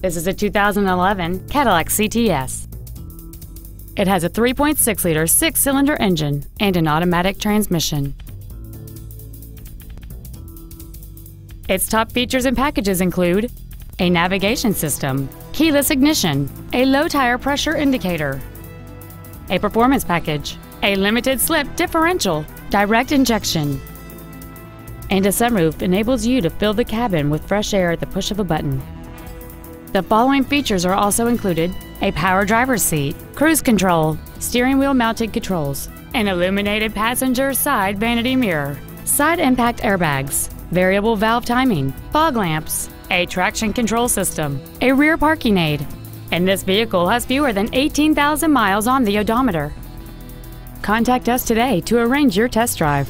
This is a 2011 Cadillac CTS. It has a 3.6-liter six-cylinder engine and an automatic transmission. Its top features and packages include a navigation system, keyless ignition, a low tire pressure indicator, a performance package, a limited slip differential, direct injection, and a sunroof enables you to fill the cabin with fresh air at the push of a button. The following features are also included a power driver's seat, cruise control, steering wheel mounted controls, an illuminated passenger side vanity mirror, side impact airbags, variable valve timing, fog lamps, a traction control system, a rear parking aid, and this vehicle has fewer than 18,000 miles on the odometer. Contact us today to arrange your test drive.